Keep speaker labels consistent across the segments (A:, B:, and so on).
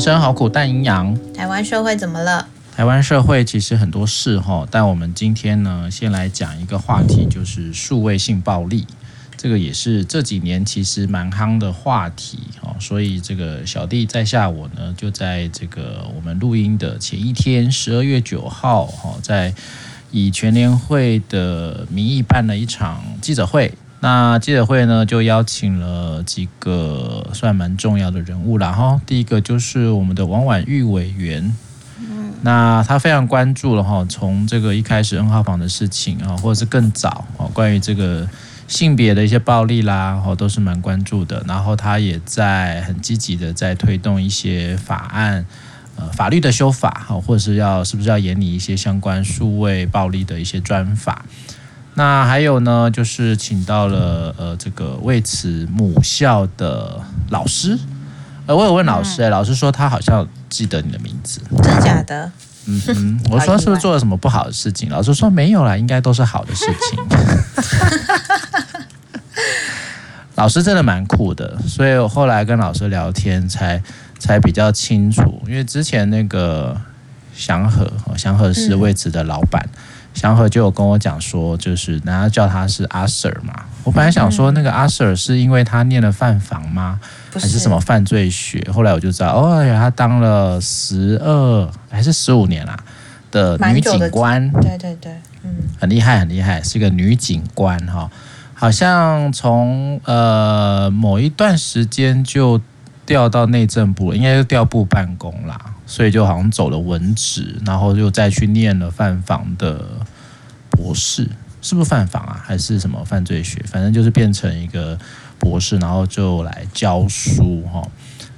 A: 人生好苦，但營養。
B: 台灣社會怎麼了？
A: 台灣社會其實很多事哈，但我們今天呢，先來講一個話題，就是數位性暴力，這個也是這幾年其實蠻夯的話題哈。所以這個小弟在下我呢，就在這個我們錄音的前一天，十二月九號哈，在以全聯會的名義辦了一場記者會。那記者會呢，就邀請了幾個算蠻重要的人物，然後第一個就是我們的王婉諭委員，嗯，那他非常關注了哈，從這個一開始 N 號房的事情啊，或者是更早啊，關於這個性別的一些暴力啦，然後都是蠻關注的，然後他也在很積極的在推動一些法案，呃，法律的修法哈，或者是要是不是要研擬一些相關數位暴力的一些專法。那還有呢，就是請到了呃，這個魏慈母校的老師，呃，我有問老師，哎，老師說他好像記得你的名字，真的
B: 假的？嗯哼、
A: 嗯，我說是不是做了什麼不好的事情 的？老師說沒有啦，應該都是好的事情。哈哈哈！哈哈！哈老師真的蠻酷的，所以我後來跟老師聊天才才比較清楚，因為之前那個祥和，祥和是魏慈的老闆。嗯祥和就有跟我講說，就是然後叫他是阿 Sir 嘛。我本來想說那個阿 Sir 是因為他念了犯房嗎、嗯還是什麼犯罪學？後來我就知道，哦、哎，他當了十二還是十五年啦、啊、的女警官，對對對，嗯，很厲害很厲害，是個女警官哈。好像從呃某一段時間就調到內政部，應該是調部辦公啦，所以就好像走了文職，然後又再去念了犯房的。博士，是不是犯法啊？還是什麼犯罪學？反正就是變成一個博士，然後就來教書哈。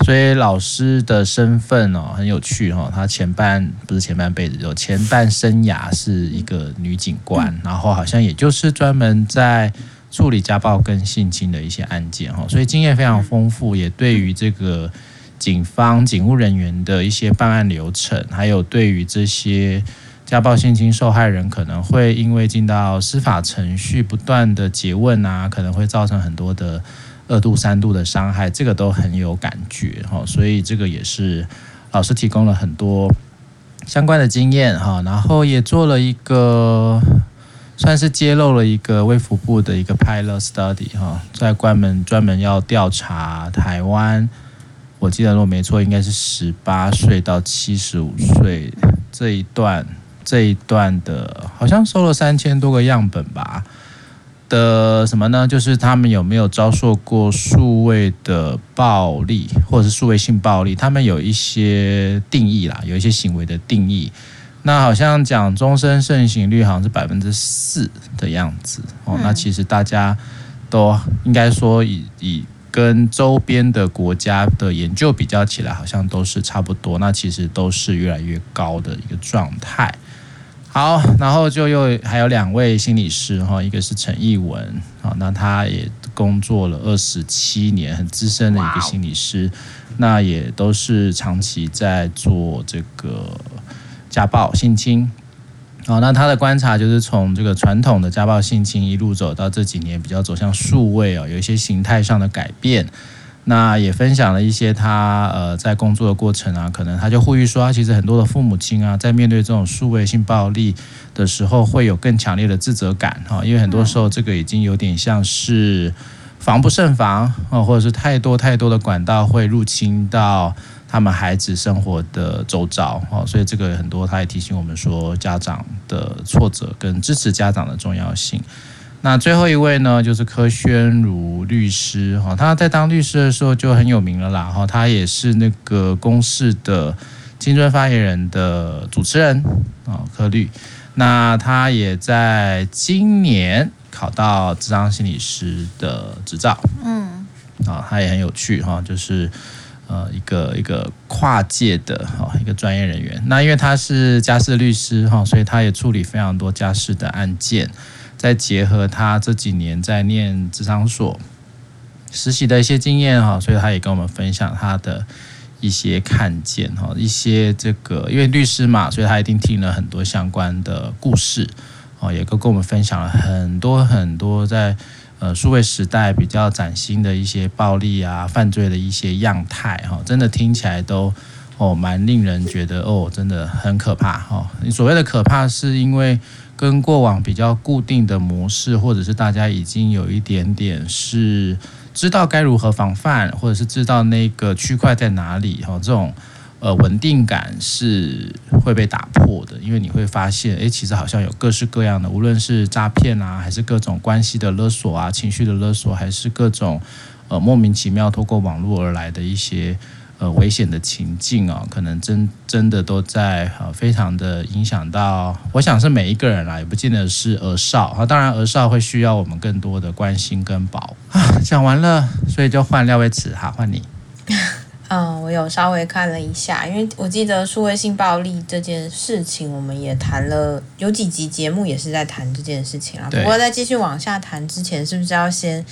A: 所以老師的身份哦很有趣哈。他前半不是前半輩子，就前半生涯是一個女警官，然後好像也就是專門在處理家暴跟性侵的一些案件哈。所以經驗非常豐富，也對於這個警方警務人員的一些辦案流程，還有對於這些。家暴性侵受害人可能會因為進到司法程序，不斷的詰問啊，可能會造成很多的二度、三度的傷害，這個都很有感覺哈。所以這個也是老師提供了很多相關的經驗哈。然後也做了一個算是揭露了一個衛福部的一個 pilot study 哈，在關門專門要調查台灣，我記得如果沒錯，應該是十八歲到七十五歲這一段。這一段的，好像收了三千多個樣本吧的什麼呢？就是他們有沒有遭受過數位的暴力，或者是數位性暴力？他們有一些定義啦，有一些行為的定義。那好像講終身盛行率，好像是百分之四的樣子，嗯，哦。那其實大家都應該說以以跟周邊的國家的研究比較起來，好像都是差不多。那其實都是越來越高的一個狀態。好，然後就又還有兩位心理師哈，一個是陳藝文，啊，那他也工作了二十七年，很資深的一個心理師，那也都是長期在做這個家暴、性侵，啊，那他的觀察就是從這個傳統的家暴、性侵一路走到這幾年比較走向數位哦，有一些形態上的改變。那也分享了一些他呃在工作的過程啊，可能他就呼籲說啊，他其實很多的父母親啊，在面對這種數位性暴力的時候，會有更強烈的自責感哈，因為很多時候這個已經有點像是防不勝防啊，或者是太多太多的管道會入侵到他們孩子生活的周遭，哦，所以這個很多他也提醒我們說，家長的挫折跟支持家長的重要性。那最後一位呢，就是柯萱如律師哈，他在當律師的時候就很有名了啦哈，他也是那個公視的青春發言人的主持人啊，柯律。那他也在今年考到諮商心理師的執照，嗯，啊，他也很有趣哈，就是呃一個一個跨界的哈一個專業人員。那因為他是家事律師哈，所以他也處理非常多家事的案件。再結合他這幾年在念諮商所實習的一些經驗哈，所以他也跟我們分享他的一些看見哈，一些這個，因為律師嘛，所以他一定聽了很多相關的故事哦，也都跟我們分享了很多很多在呃數位時代比較嶄新的一些暴力啊、犯罪的一些樣態哈，真的聽起來都哦蠻令人覺得哦真的很可怕哈。你所謂的可怕是因為。跟過往比較固定的模式，或者是大家已經有一點點是知道該如何防範，或者是知道那個區塊在哪裡哈，這種呃穩定感是會被打破的，因為你會發現，誒，其實好像有各式各樣的，無論是詐騙啊，還是各種關係的勒索啊，情緒的勒索，還是各種呃莫名其妙透過網絡而來的一些。呃，危險的情境哦，可能真真的都在呃，非常的影響到。我想是每一個人啦，也不見得是兒少啊。當然，兒少會需要我們更多的關心跟保啊。講完了，所以就換廖威慈哈、啊，換你。嗯，
B: 我有稍微看了一下，因為我記得數位性暴力這件事情，我們也談了有幾集節目也是在談這件事情啊。不過，在繼續往下談之前，是不是要先？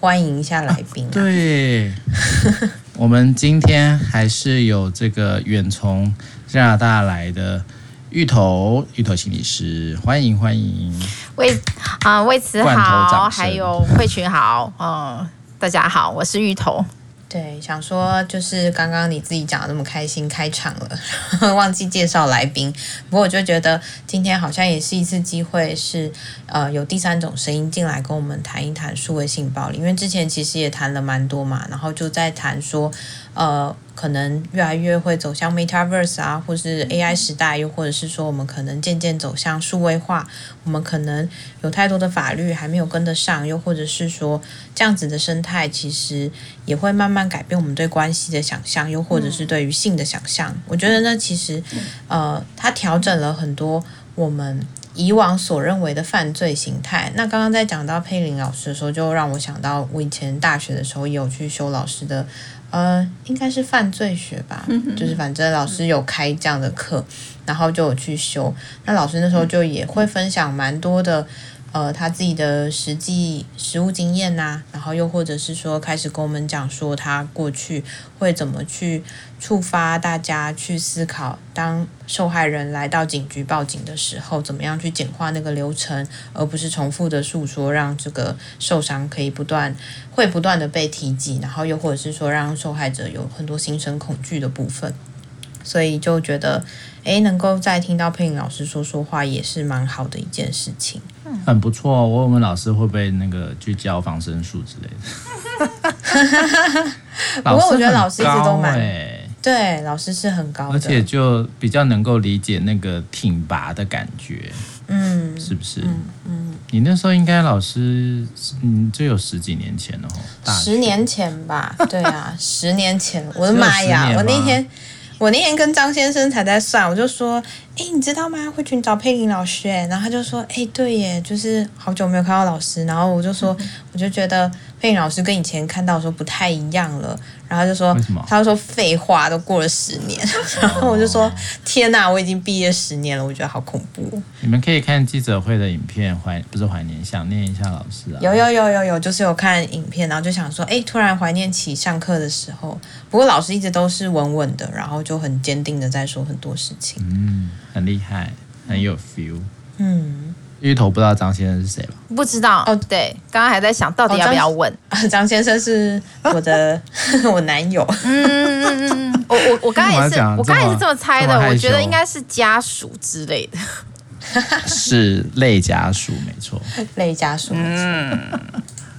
B: 歡迎一下
A: 來賓、啊啊。對， 我們今天還是有這個遠從加拿大來的芋頭，芋頭心理師，歡迎歡迎。
C: 魏啊，魏、呃、慈好，還有慧群好，嗯、呃，大家好，我是芋頭。對，想
B: 說就是剛剛你自己講的那麼開心，開場了，忘記介紹來賓。不過我就覺得今天好像也是一次機會是，是呃，有第三種聲音進來跟我們談一談數位性暴力，因為之前其實也談了蠻多嘛，然後就在談說，呃。可能越來越會走向 Metaverse 啊，或是 AI 時代，又或者是說我們可能漸漸走向數位化，我們可能有太多的法律還沒有跟得上，又或者是說這樣子的生態，其實也會慢慢改變我們對關係的想象，又或者是對於性的想象。我覺得呢，其實，呃，它調整了很多我們以往所認為的犯罪形態。那剛剛在講到佩林老師的時候，就讓我想到我以前大學的時候也有去修老師的。呃，應該是犯罪學吧， 就是反正老師有開這樣的課，然後就有去修。那老師那時候就也會分享蠻多的。呃，他自己的實際實務經驗吶、啊，然後又或者是說，開始跟我們講說他過去會怎麼去觸發大家去思考，當受害人來到警局報警的時候，怎麼樣去簡化那個流程，而不是重複的訴說，讓這個受傷可以不斷會不斷的被提及，然後又或者是說，讓受害者有很多心生恐懼的部分，所以就覺得，誒，能夠再聽到佩音老師說說話，也是蠻好的一件事情。
A: 很不錯，我問問老師會不會那個去教防身術之類的。哈哈
B: 哈！哈哈！哈哈！不過我覺得老師一直都蠻高，對，老師是很高的，而且
A: 就比較能夠理解那個挺拔的感覺，嗯，是不是？嗯，嗯你那時候應該老師嗯，就有十幾年前了，十
B: 年前吧？對啊， 十年前，我的媽呀！我那天，我那天跟張先生才在算，我就說。哎、欸，你知道嗎？會去找佩林老師、欸，誒，然後他就說，哎、欸，對耶，就是好久沒有看到老師，然後我就說，呵呵，我就覺得佩林老師跟以前看到的時候不太一樣了，然後就說，為什麼？他就說廢話，都過了十年，然後我就說，哦、天哪、啊，我已經畢業十年了，我覺得好恐怖。
A: 你們可以看記者會的影片，懷不是懷念、想念一下
C: 老師啊。有
B: 有有有有，就是有看影片，然後就想說，哎、欸，突然懷念起上課的時候，不過老師一直都是穩穩的，然後就很堅定的在說很多事情。
C: 嗯。
A: 很厲害，很有
C: feel，
A: 嗯，芋頭不知道張先生是誰吧，
C: 不知道哦，對，剛剛還在想到底要不要問，哦、張，張先生是我的， 我的，我男友，嗯嗯嗯嗯，我我我剛剛也是我剛剛也是這麼猜的，我覺得應該是家屬之類的，
A: 是類家屬沒錯，
C: 類家屬
B: 沒
A: 錯，嗯，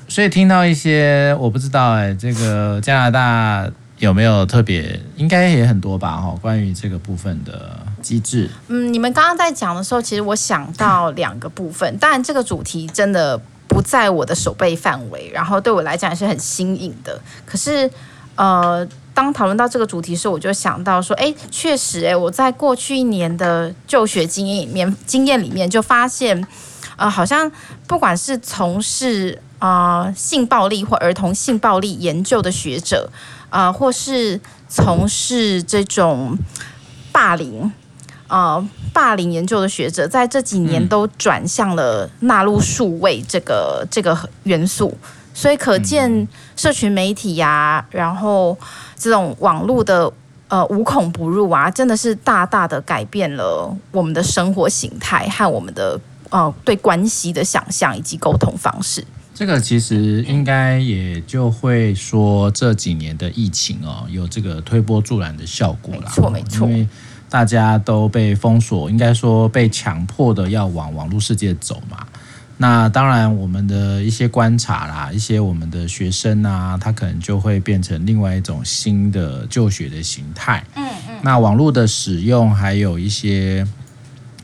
A: 所以聽到一些我不知道，哎、欸，這個加拿大有沒有特別，應該也很多吧哈，關於這個部分的。機制。
C: 嗯，你們剛剛在講的時候，其實我想到兩個部分。當然，這個主題真的不在我的守備範圍，然後對我來講也是很新穎的。可是，呃，當討論到這個主題的時候，我就想到說，哎，確實，哎，我在過去一年的就學經驗裡面、經驗裡面，就發現，呃，好像不管是從事啊、呃、性暴力或兒童性暴力研究的學者，啊、呃，或是從事這種霸凌。呃，霸凌研究的學者在這幾年都轉向了納入數位這個這個元素，所以可見社群媒體啊，然後這種網絡的呃無孔不入啊，真的是大大的改變了我們的生活形態和我們的呃對關係的想象以及溝通方式。嗯嗯
A: 嗯，這個其實應該也就會說，這幾年的疫情哦，有這個推波助瀾的效果啦。沒錯，沒錯。因為大家都被封鎖，應該說被強迫的要往網絡世界走嘛。那當然，我們的一些觀察啦，一些我們的學生啊，他可能就會變成另外一種新的就學的形態。嗯嗯。那網絡的使用，還有一些，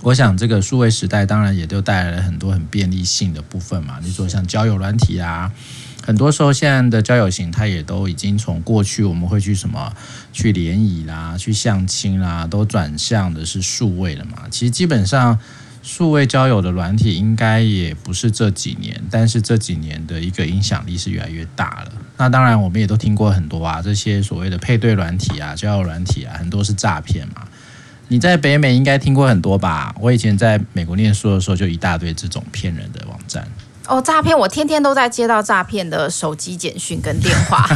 A: 我想這個數位時代當然也都帶來了很多很便利性的部分嘛。你說像交友軟體啊。很多時候，現在的交友形態也都已經從過去我們會去什麼去聯誼啦、去相親啦，都轉向的是數位了嘛。其實基本上數位交友的軟體應該也不是這幾年，但是這幾年的一個影響力是越來越大了。那當然，我們也都聽過很多啊，這些所謂的配對軟體啊、交友軟體啊，很多是詐騙嘛。你在北美應該聽過很多吧？我以前在美國念書的時候，就一大堆這種騙人的網站。
C: 哦，詐騙！我天天都在接到詐騙的手機簡訊跟電話。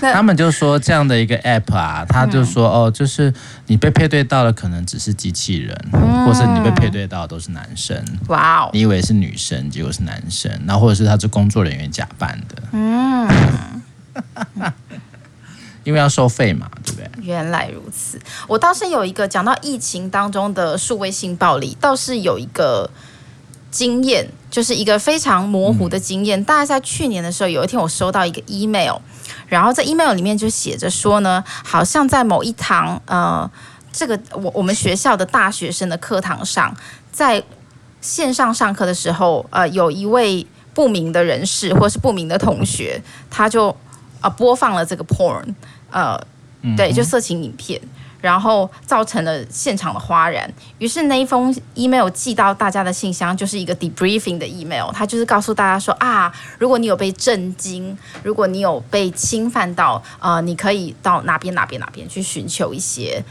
A: 他們就說這樣的一個 app 啊，他就說哦，就是你被配對到的可能只是機器人，或者你被配對到的都是男生。哇、嗯、哦！你以為是女生，結果是男生，然後或者是他是工作人員假扮的。嗯， 因為要收費嘛，對
C: 不對？原來如此。我倒是有一個講到疫情當中的數位性暴力，倒是有一個經驗。就是一個非常模糊的經驗。大家在去年的時候，有一天我收到一個 email，然後在 email 裡面就寫着說呢，好像在某一堂呃，這個我我們學校的大學生的課堂上，在線上上課的時候，呃，有一位不明的人士或是不明的同學，他就呃播放了這個 porn，呃，對，就色情影片。然後造成了現場的嘩然，於是那一封 email 寄到大家的信箱，就是一個 debriefing 的 email，它就是告訴大家說啊，如果你有被震驚，如果你有被侵犯到，呃，你可以到哪邊哪邊哪邊去尋求一些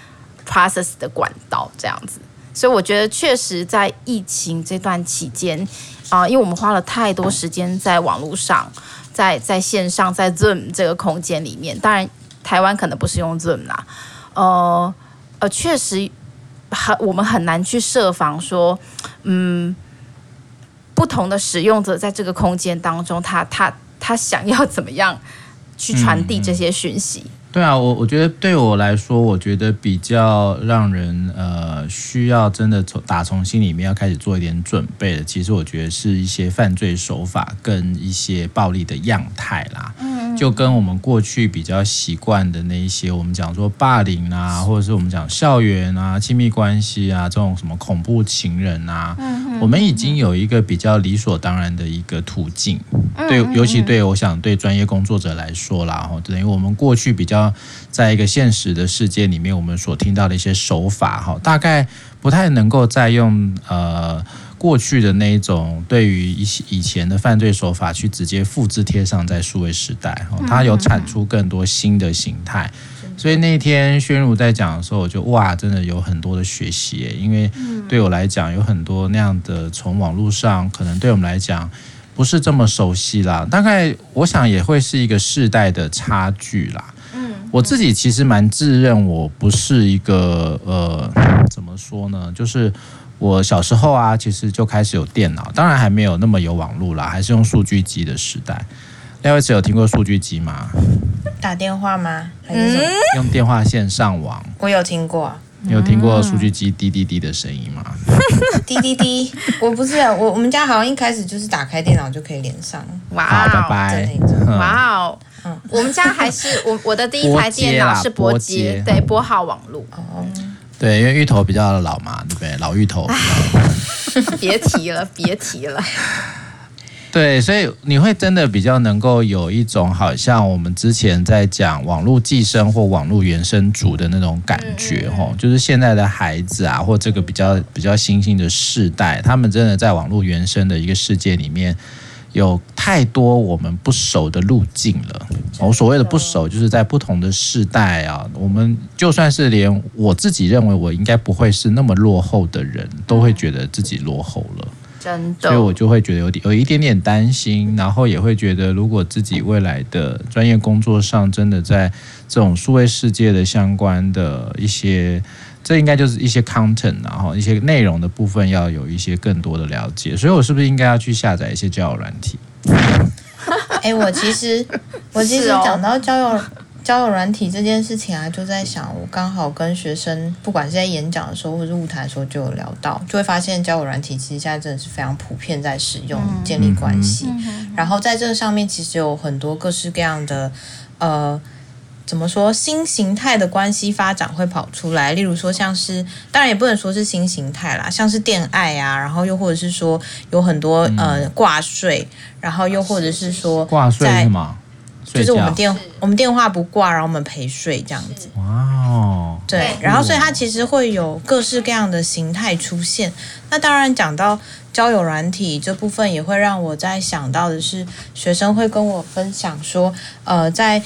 C: process 的管道這樣子。所以我覺得確實在疫情這段期間，啊、呃，因為我們花了太多時間在網絡上，在在線上，在 zoom 這個空間裡面，當然台灣可能不是用 zoom 啦。呃呃，確實很，我們很難去設防說，嗯，不同的使用者在這個空間當中，他他他想要怎麼樣去傳遞這些訊息？嗯，
A: 對啊，我我覺得對我來說，我覺得比較讓人呃，需要真的從打從心裡面要開始做一點準備的，其實我覺得是一些犯罪手法跟一些暴力的樣態啦。就跟我們過去比較習慣的那一些，我們講說霸凌啊，或者是我們講校園啊、親密關係啊這種什麼恐怖情人啊、嗯嗯，我們已經有一個比較理所當然的一個途徑。對，尤其對我想對專業工作者來說啦，哈，等於我們過去比較在一個現實的世界裡面，我們所聽到的一些手法，哈，大概不太能夠再用呃。過去的那一種對於一些以前的犯罪手法去直接複製貼上，在數位時代，它有產出更多新的形態。嗯嗯嗯、所以那天宣儒在講的時候，我就哇，真的有很多的學習耶，因為對我來講，有很多那樣的從網絡上，可能對我們來講不是這麼熟悉啦。大概我想也會是一個世代的差距啦。嗯嗯、我自己其實蠻自認我不是一個呃，怎麼說呢，就是。我小時候啊，其實就開始有電腦，當然還沒有那麼有網絡啦，還是用數據機的時代。兩位有聽過數據機嗎？
B: 打電話嗎？還是什麼？
A: 用電話線上網。
B: 我有聽過。你有聽
A: 過數據機滴滴滴的聲音嗎？
B: 滴滴滴！我不是、啊、我，我們家好像一開始就是打
C: 開電腦就可以連上。
A: 哇、wow. 哦！拜，拜！哇、嗯、哦
C: ！Wow. 嗯，我們家還是我我的第一台電腦是撥接，對，撥號網絡。Oh.
A: 對，因為芋頭比較老嘛，對不對？老芋頭
C: 比較老，別提了，
A: 別提了。對，所以你會真的比較能夠有一種好像我們之前在講網絡寄生或網絡原生主的那種感覺哈、嗯，就是現在的孩子啊，或這個比較比較新興的世代，他們真的在網絡原生的一個世界裡面。有太多我們不熟的路徑了。我所謂的不熟，就是在不同的世代啊，我們就算是連我自己認為我應該不會是那麼落後的人，都會覺得自己落後了。
C: 真的，所以我
A: 就會覺得有點有一點點擔心，然後也會覺得，如果自己未來的專業工作上真的在這種數位世界的相關的一些。這應該就是一些 content，然後一些內容的部分要有一些更多的了解，所以我是不是應該要去下載一些交友軟體？
B: 哎、欸，我其實我其實講到交友交友軟體這件事情啊，就在想，我剛好跟學生不管是在演講的時候或是舞台的時候就有聊到，就會發現交友軟體其實現在真的是非常普遍在使用、嗯、建立關係、嗯嗯，然後在這個上面其實有很多各式各樣的呃。怎麼說，新形態的關係發展會跑出來？例如說像是，當然也不能說是新形態啦，像是電愛啊，然後又或者是說有很多、嗯、呃掛睡，然後又或者是說在掛睡是嗎？
A: 就
B: 是我們電我們電話不掛，然後我們陪睡這樣子。
A: 哇哦，對，然後
B: 所以它其實會有各式各樣的形態出現。那當然講到交友軟體這部分，也會讓我在想到的是，學生會跟我分享說，呃，在。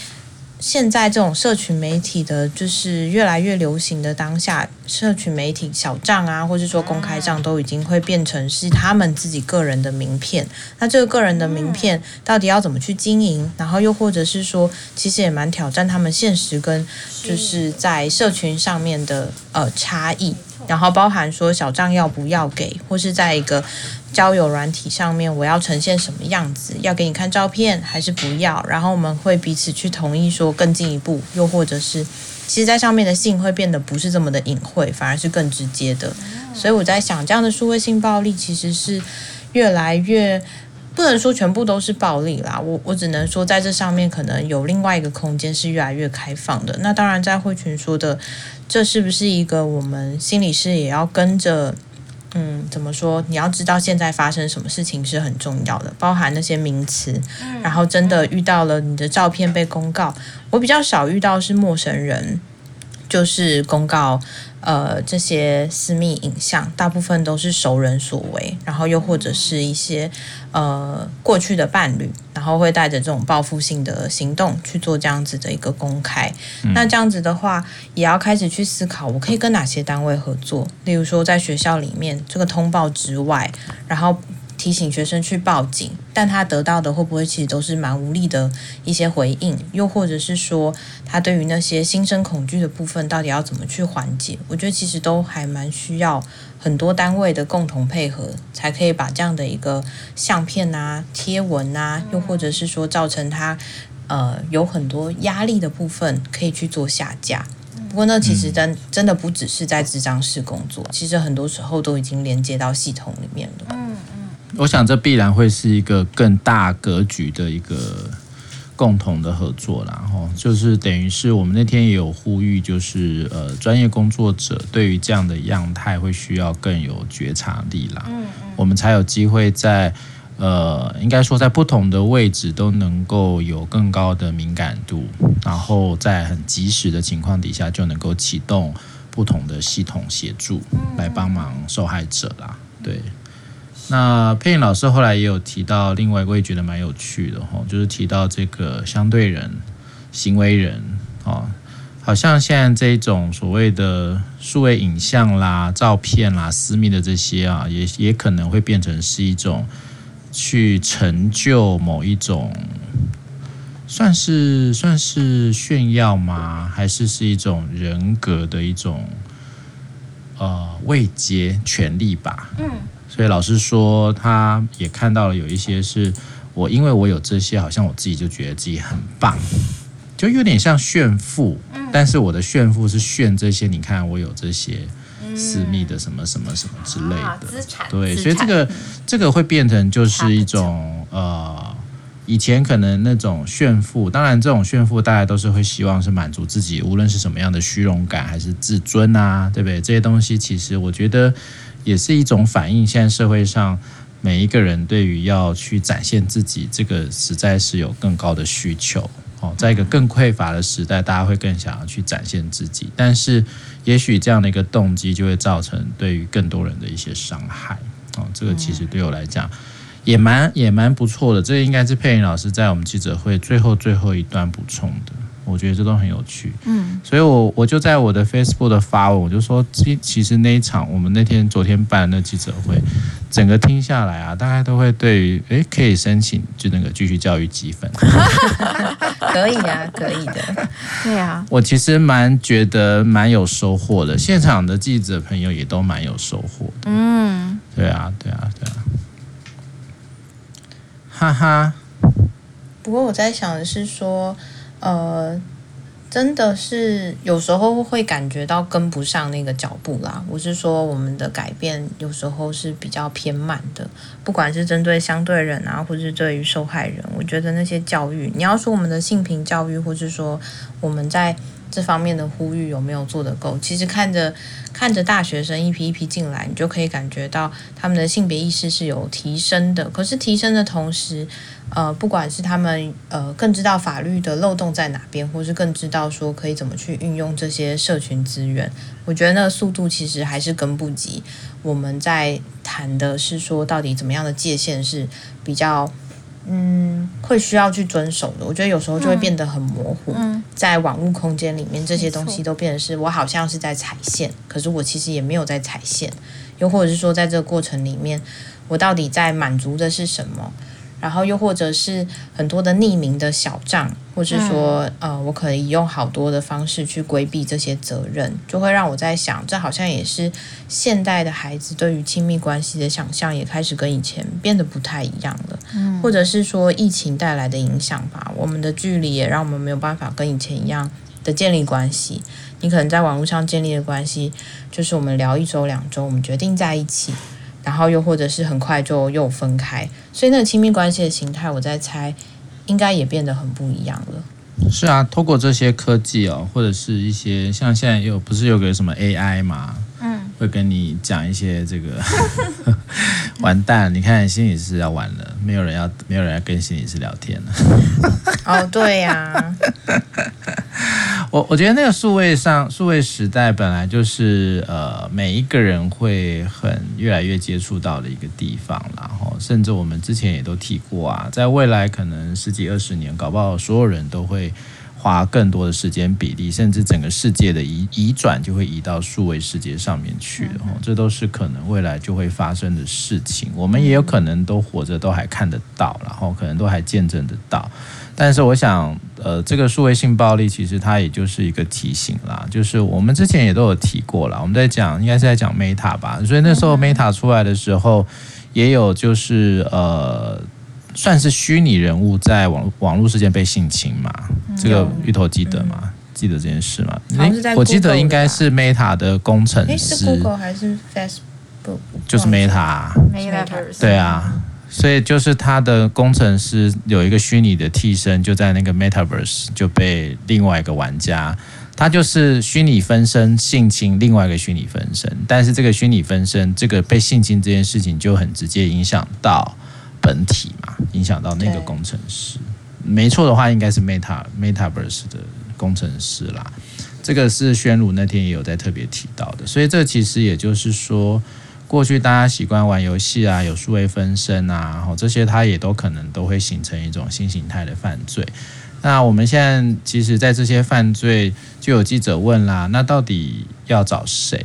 B: 現在這種社群媒體的，就是越來越流行的當下，社群媒體小賬啊，或是說公開賬，都已經會變成是他們自己個人的名片。那這個個人的名片到底要怎麼去經營？然後又或者是說，其實也蠻挑戰他們現實跟就是在社群上面的呃差異。然後包含說小帳要不要給，或是在一個交友軟體上面，我要呈現什麼樣子，要給你看照片還是不要？然後我們會彼此去同意說更進一步，又或者是其實，在上面的性會變得不是這麼的隱晦，反而是更直接的。所以我在想，這樣的數位性暴力其實是越來越不能說全部都是暴力啦，我我只能說在這上面可能有另外一個空間是越來越開放的。那當然，在慧群說的。這是不是一個我們心理師也要跟着？嗯，怎麼說？你要知道現在發生什麼事情是很重要的，包含那些名詞，嗯。然後真的遇到了你的照片被公告，我比較少遇到是陌生人，就是公告。呃，這些私密影像大部分都是熟人所為，然後又或者是一些呃過去的伴侶，然後會帶着這種報復性的行動去做這樣子的一個公開。嗯。那這樣子的話，也要開始去思考，我可以跟哪些單位合作？例如說，在學校裡面這個通報之外，然後。提醒學生去報警，但他得到的會不會其實都是蠻無力的一些回應？又或者是說，他對於那些心生恐懼的部分，到底要怎麼去緩解？我覺得其實都還蠻需要很多單位的共同配合，才可以把這樣的一個相片吶、啊、貼文吶、啊，又或者是說造成他呃有很多壓力的部分，可以去做下架。不過那其實真真的不只是在紙張上工作，其實很多時候都已經連接到系統裡面了。
A: 我想這必然會是一個更大格局的一個共同的合作，然後就是等於是我們那天也有呼籲，就是呃，專業工作者對於這樣的樣態會需要更有覺察力啦，嗯嗯，我們才有機會在呃，應該說在不同的位置都能夠有更高的敏感度，然後在很及時的情況底下就能夠啟動不同的系統協助來幫忙受害者啦，對。那配音老師後來也有提到，另外一個我也覺得蠻有趣的哈，就是提到這個相對人、行為人啊，好像現在這種所謂的數位影像啦、照片啦、私密的這些啊，也也可能會變成是一種去成就某一種，算是算是炫耀嗎？還是是一種人格的一種呃未接權利吧？嗯。所以老師說，他也看到了有一些是我，因為我有這些，好像我自己就覺得自己很棒，就有點像炫富。但是我的炫富是炫這些，你看我有這些私密的什麼什麼什麼之類的。對，所以這個這個會變成就是一種呃，以前可能那種炫富。當然，這種炫富大家都是會希望是滿足自己，無論是什麼樣的虛榮感還是自尊啊，對不對？這些東西其實我覺得。也是一種反映，現在社會上每一個人對於要去展現自己，這個實在是有更高的需求。哦，在一個更匱乏的時代，大家會更想要去展現自己，但是也許這樣的一個動機就會造成對於更多人的一些傷害。哦，這個其實對我來講也蠻也蠻不錯的。這個應該是佩玲老師在我們記者會最後最後一段補充的。我覺得這都很有趣，嗯，所以我我就在我的 Facebook 的發文，我就說，其實那一場我們那天昨天辦的記者會，整個聽下來啊，大概都會對於，哎，可以申請就那個繼續教育積分，
C: 可以啊，可以的，對啊，
A: 我其實蠻覺得蠻有收穫的，嗯，現場的記者朋友也都蠻有收穫
B: 的，
A: 嗯，對啊，對啊，對啊，哈哈。
B: 不過我在想的是說，呃，真的是有時候會感覺到跟不上那個腳步啦。我是說，我們的改變有時候是比較偏慢的，不管是針對相對人啊，或者是對於受害人，我覺得那些教育，你要說我們的性平教育，或是說我們在這方面的呼籲有沒有做得夠？其實看着看着大學生一批一批進來，你就可以感覺到他們的性別意識是有提升的。可是提升的同時，呃，不管是他們，呃，更知道法律的漏洞在哪邊，或是更知道說可以怎麼去運用這些社群資源，我覺得那個速度其實還是跟不及。我們在談的是說，到底怎麼樣的界限是比較，嗯，會需要去遵守的？我覺得有時候就會變得很模糊。嗯，嗯，在網絡空間裡面，這些東西都變得是我好像是在踩線，可是我其實也沒有在踩線。又或者是說，在這個過程裡面，我到底在滿足的是什麼？然後又或者是很多的匿名的小賬，或者是說，呃，我可以用好多的方式去規避這些責任，就會讓我在想，這好像也是現代的孩子對於親密關係的想象也開始跟以前變得不太一樣了。或者是說疫情帶來的影響吧，我們的距離也讓我們沒有辦法跟以前一樣的建立關係。你可能在網絡上建立的關係，就是我們聊一周兩周，我們決定在一起。然後又或者是很快就又分開，所以那個親密關係的形態，我在猜，應該也變得很不一樣了。
A: 是啊，透過這些科技哦，或者是一些像現在又不是有個什麼 AI 嘛，
C: 嗯，
A: 會跟你講一些這個， 完蛋，你看心理師要完了，沒有人要，沒有人要跟心理師聊天
B: 了。哦，對呀、啊。
A: 我我覺得那個數位上數位時代本來就是呃每一個人會很越來越接觸到的一個地方，然後甚至我們之前也都提過啊，在未來可能十幾二十年搞不好所有人都會花更多的時間比例，甚至整個世界的移移轉就會移到數位世界上面去的，這都是可能未來就會發生的事情。我們也有可能都活着都還看得到，然後可能都還見證得到，但是我想。呃，這個數位性暴力其實它也就是一個提醒啦，就是我們之前也都有提過啦，我們在講應該是在講 Meta 吧，所以那時候 Meta 出來的時候，也有就是呃，算是虛擬人物在網網絡世界被性侵嘛、嗯，這個芋頭記得嗎？嗯、記得這件事嗎、啊？我記得應該是 Meta 的工程師，是 Google
B: 還是 Facebook？
A: 就是 Meta，Meta Meta 對啊。所以就是他的工程師有一個虛擬的替身，就在那個 Metaverse 就被另外一個玩家，他就是虛擬分身性侵另外一個虛擬分身，但是這個虛擬分身這個被性侵這件事情就很直接影響到本體嘛，影響到那個工程師。沒錯的話，應該是 Meta Metaverse 的工程師啦。這個是宣魯那天也有在特別提到的，所以這其實也就是說。過去大家習慣玩遊戲啊，有數位分身啊，然後這些它也都可能都會形成一種新形態的犯罪。那我們現在其實，在這些犯罪，就有記者問啦，那到底要找誰？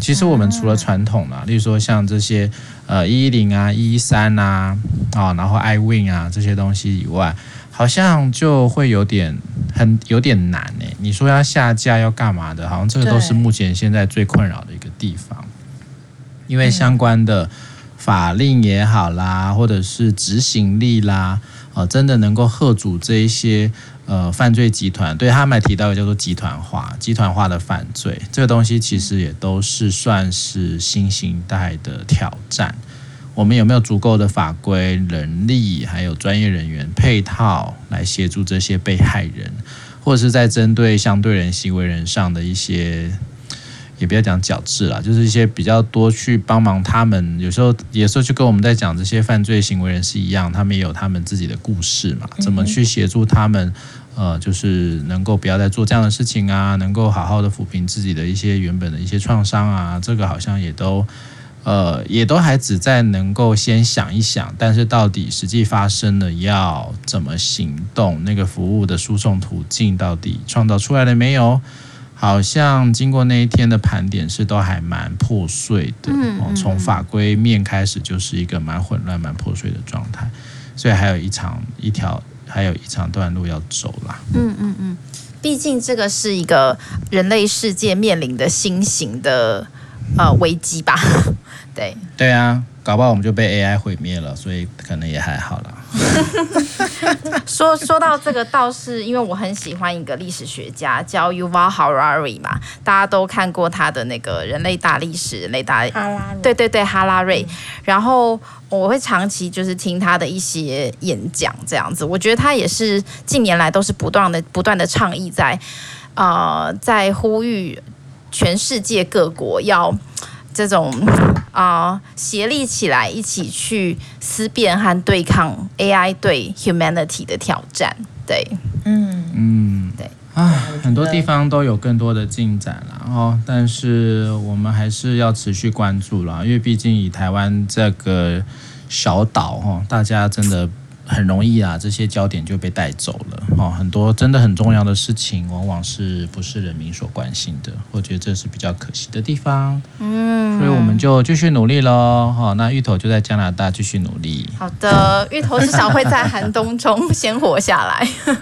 A: 其實我們除了傳統啦、啊，例如說像這些呃一一零啊、一一三啊，啊然後 iWin 啊這些東西以外，好像就會有點很有點難誒、欸。你說要下架要幹嘛的？好像這個都是目前現在最困擾的一個地方。因為相關的法令也好啦，或者是執行力啦，哦、呃，真的能夠嚇阻這一些呃犯罪集團，對他們還提到的叫做集團化、集團化的犯罪，這個東西其實也都是算是新型態的挑戰。我們有沒有足夠的法規、人力，還有專業人員配套來協助這些被害人，或者是在針對相對人、行為人上的一些？也不要講矯治了，就是一些比較多去幫忙他們，有時候有時候就跟我們在講這些犯罪行為人是一樣，他們也有他們自己的故事嘛，怎麼去協助他們？呃，就是能夠不要再做這樣的事情啊，能夠好好的撫平自己的一些原本的一些創傷啊，這個好像也都呃也都還只在能夠先想一想，但是到底實際發生了要怎麼行動，那個服務的輸送途徑到底創造出來了沒有？好像經過那一天的盤點，是都還蠻破碎的。哦、從法規面開始，就是一個蠻混亂、蠻破碎的狀態，所以還有一場、一條，還有一長段路要走啦。嗯嗯嗯，
C: 畢竟這個是一個人類世界面臨的新型的呃危機吧？對
A: 對啊，搞不好我們就被 AI 毀滅了，所以可能也還好啦。
C: 說說到這個，倒是因為我很喜歡一個歷史學家，叫 Yuval Harari 嘛。大家都看過他的那個人類大歷史，人類大哈拉瑞，對對對，哈拉瑞、嗯。然後我會長期就是聽他的一些演講，這樣子。我覺得他也是近年來都是不斷的不斷的倡議在，呃，在呼籲全世界各國要。這種啊、呃，協力起來，一起去思辨和對抗 AI 對 humanity 的挑戰。對，嗯，嗯，對，啊，
A: 很多地方都有更多的進展了然後、哦、但是我們還是要持續關注啦，因為畢竟以台灣這個小島，大家真的。很容易啊，這些焦點就被帶走了。哦，很多真的很重要的事情，往往是不是人民所關心的。我覺得這是比較可惜的地方。
C: 嗯，所以我們
A: 就繼續努力嘍。哦，那芋頭就在加拿大繼續努力。好
C: 的，芋頭至少會在寒冬中先活下來。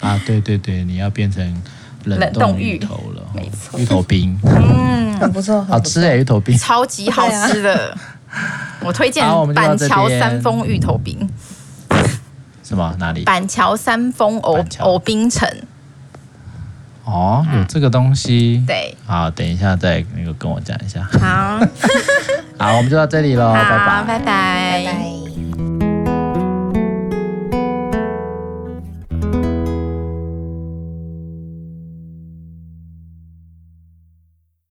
A: 啊，對對對，你要變成冷凍芋
C: 頭了。芋，沒錯，芋頭冰。嗯，
A: 很不錯，好吃誒，芋頭冰超級好吃的。
C: 啊，我推薦板橋，橋三豐芋頭冰。是嗎？哪裡？板橋三峰藕藕檳城。
A: 哦，有這個東西。對、嗯。好，等一下再那個跟我講一下。好。 好，我們就到這裡嘍。拜拜。
C: 拜拜。